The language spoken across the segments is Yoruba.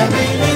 Every day.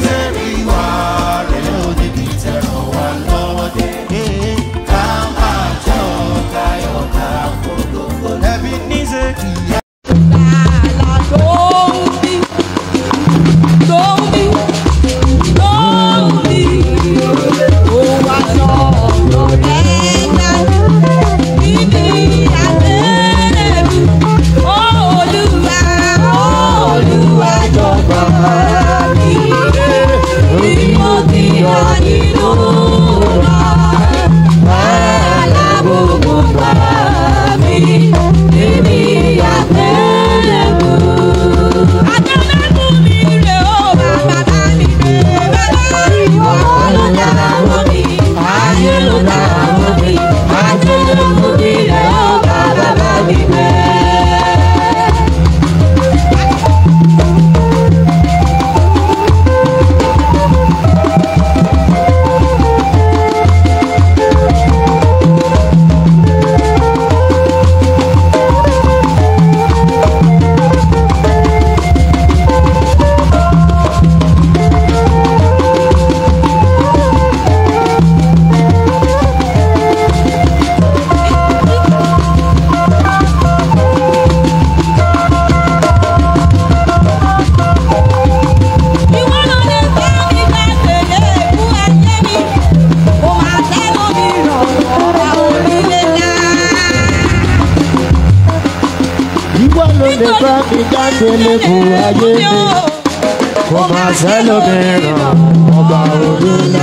délé kù ayé mi kò máa sẹ́lómi ràn ọba òdúlá.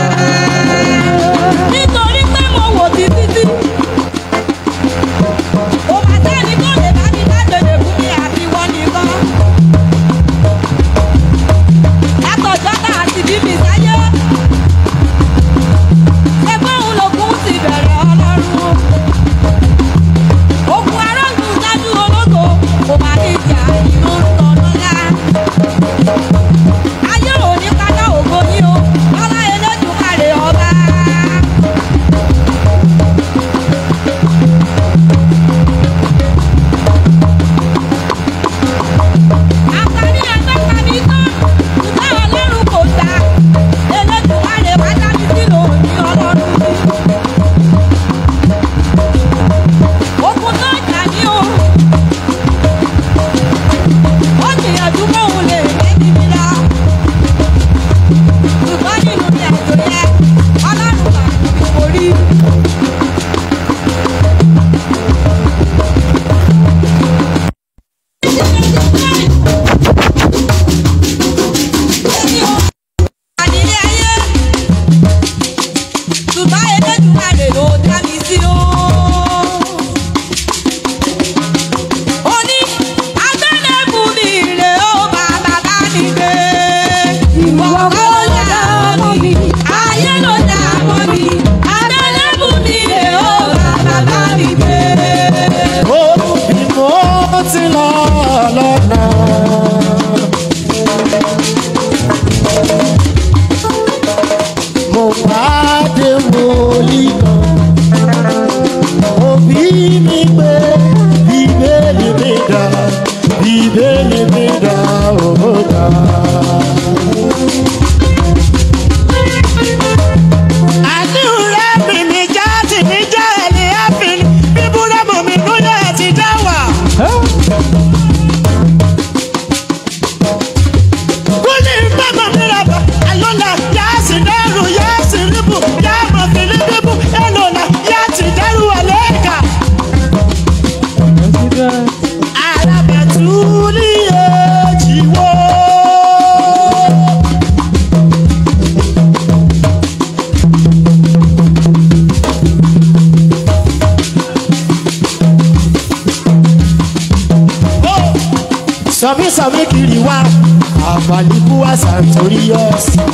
sórí ọ̀sán.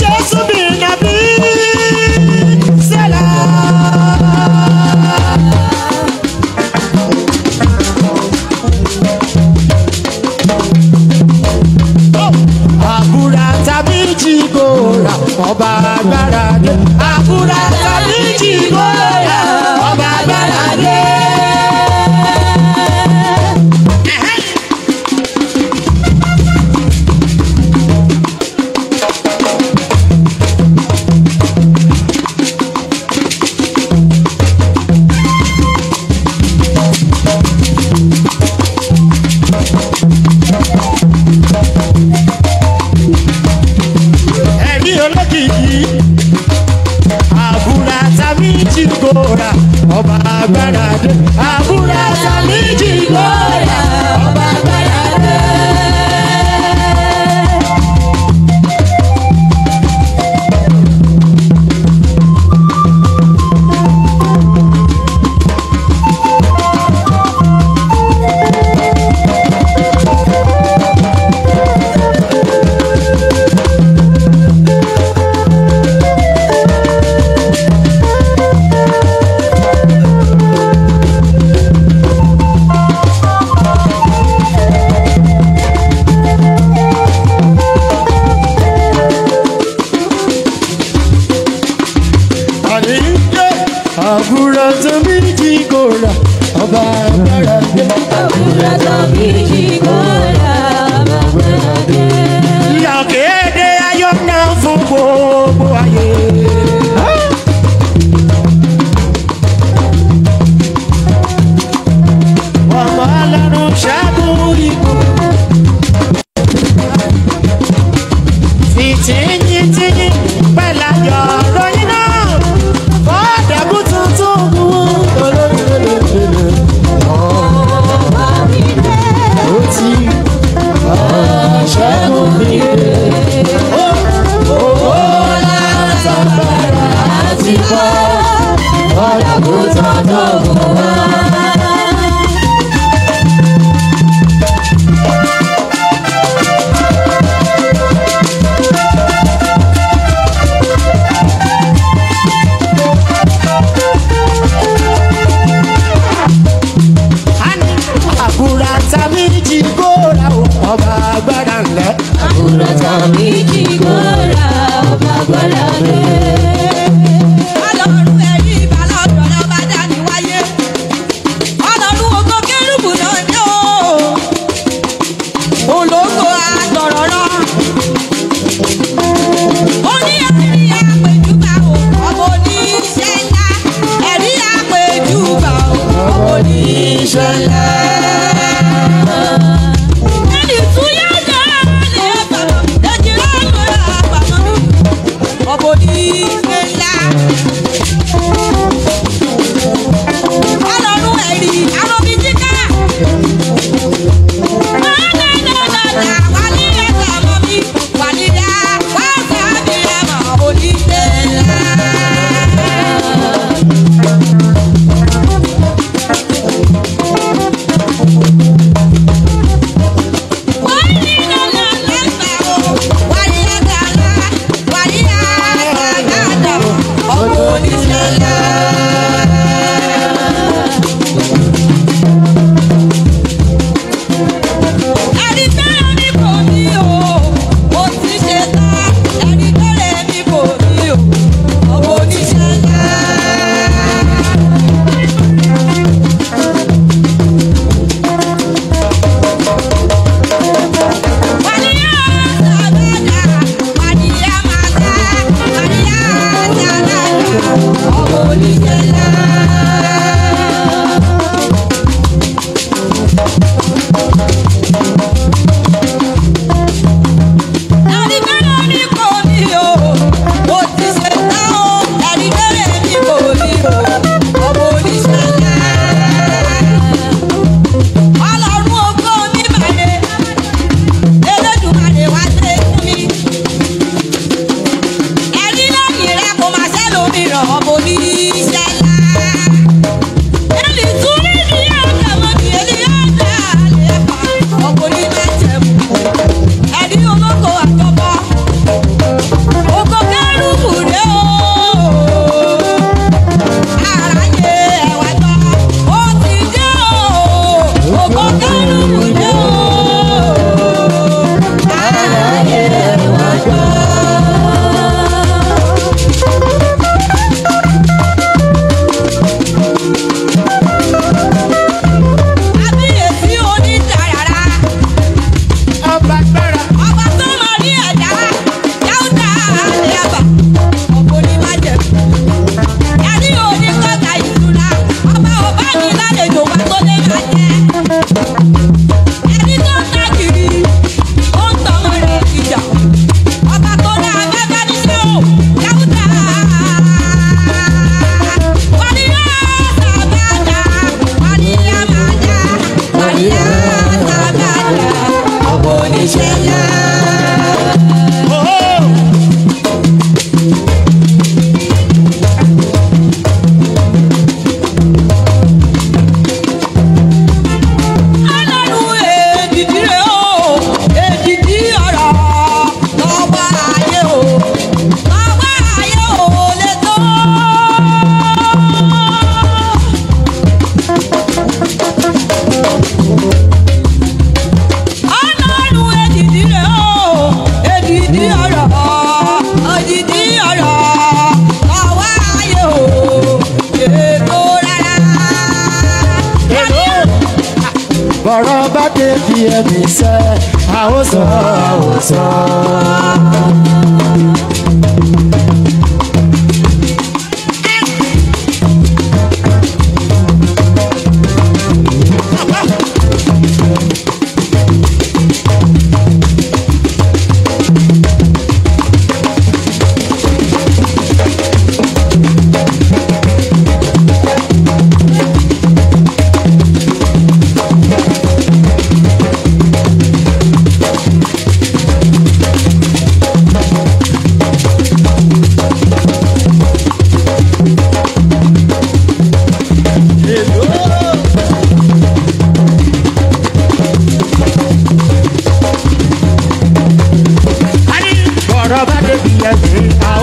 Jésù bí nàbí sẹ́lá. Àbúrà tàbí jìgòrà ọba agbára ni àbúrà. kóra ọba agbára dé. bàbá bẹ̀rẹ̀ pé. òkúta tó bí jí kó 如果你。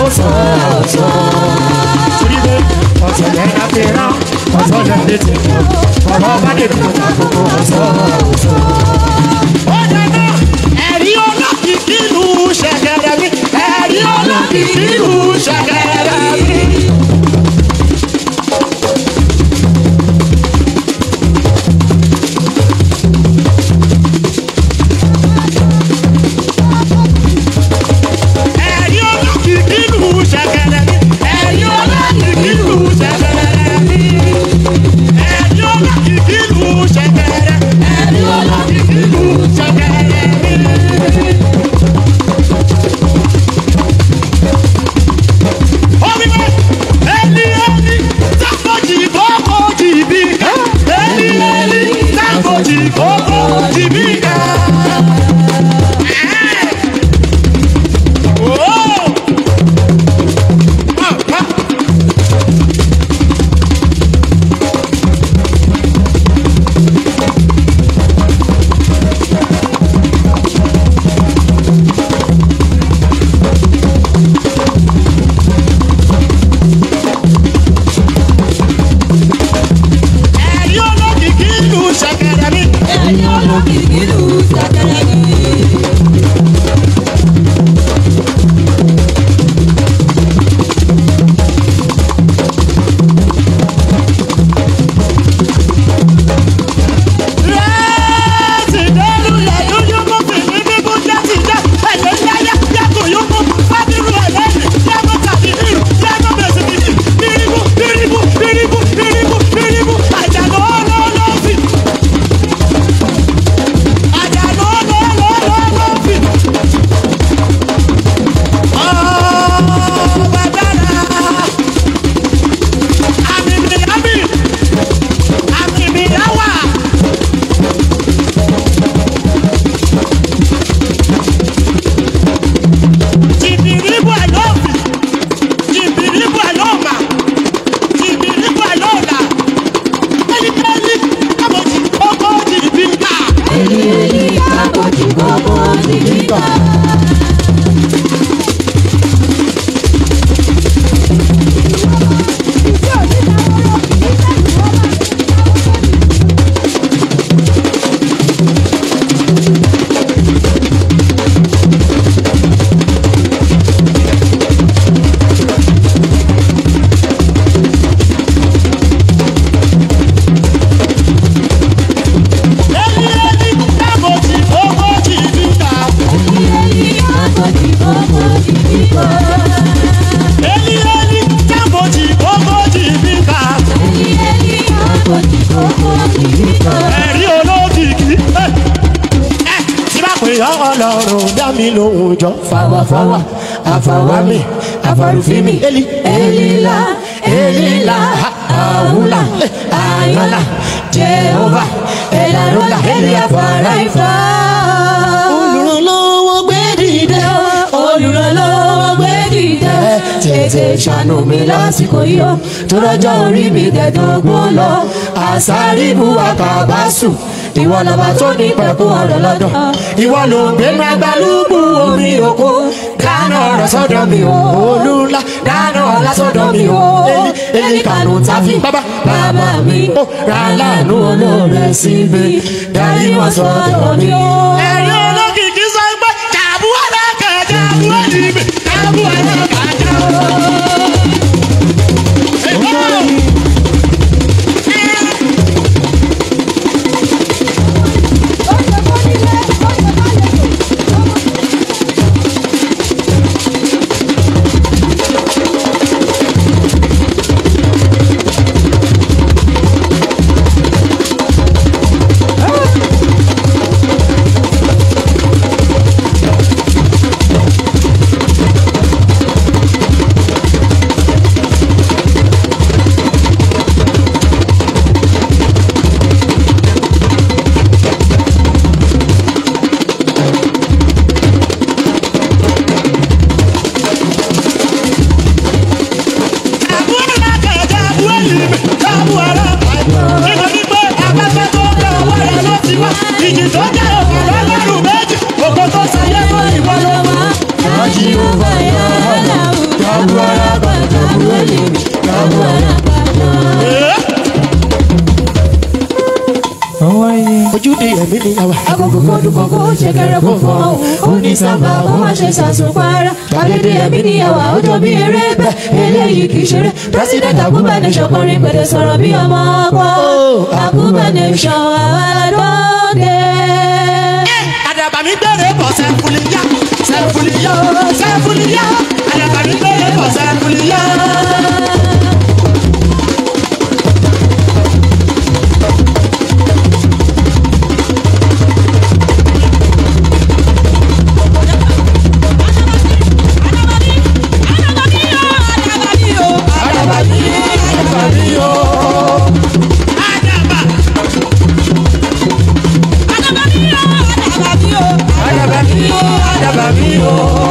ọ̀ṣọ́ ọ̀ṣọ́. Torí pé ọ̀ṣọ́ lẹ́yìn á ti rán, ọ̀ṣọ́ lẹ́yìn ti pọ̀, ọ̀rọ̀ bá dé kúrò tàbó. àfọwà àfàwámì àfàrùfímì èlìlá èlìlá àwùlà àyànlá jehova ẹlàrúlà èlì àfàrà ìfà. olùrànlọ́wọ́ gbé dìde olùrànlọ́wọ́ gbé dìde tètè ṣàánú mi lásìkò yìí ó tó lọ́jọ́ orí mi tẹ̀dọ̀gbọ́n lọ àṣà ríbu àkàbà sùn ìwọ lọba tó ní pẹ̀kú ọ̀rọ̀ lọ́dọ̀ ìwọ ló gbẹnu agbálùkù omi òkú dáná ọ̀rọ̀ sọ́dọ̀ mi ò olúla dáná ọ̀la sọ́dọ̀ mi ò èyí kànú tàfi bàbá bàbá mi rà láàánú olóore síbi dáríwọ̀ sọ́dọ̀ mi ò. sábà kó má ṣe ṣàtúnpara Adédèyẹmí ni ẹwà ó jọ bí eré bẹ́ẹ̀ eléyìí kì í ṣeré pírẹsidẹ́ntì Akuba Nation kọrin gbèdè sọ̀rọ̀ bí ọmọ ọkọ Akuba Nation àádọ́dẹ. àdàbàmí gbèrè bọ̀ sẹ́fúlìyà sẹ́fúlìyà sẹ́fúlìyà àdàbàmí gbèrè bọ̀ sẹ́fúlìyà. mi o.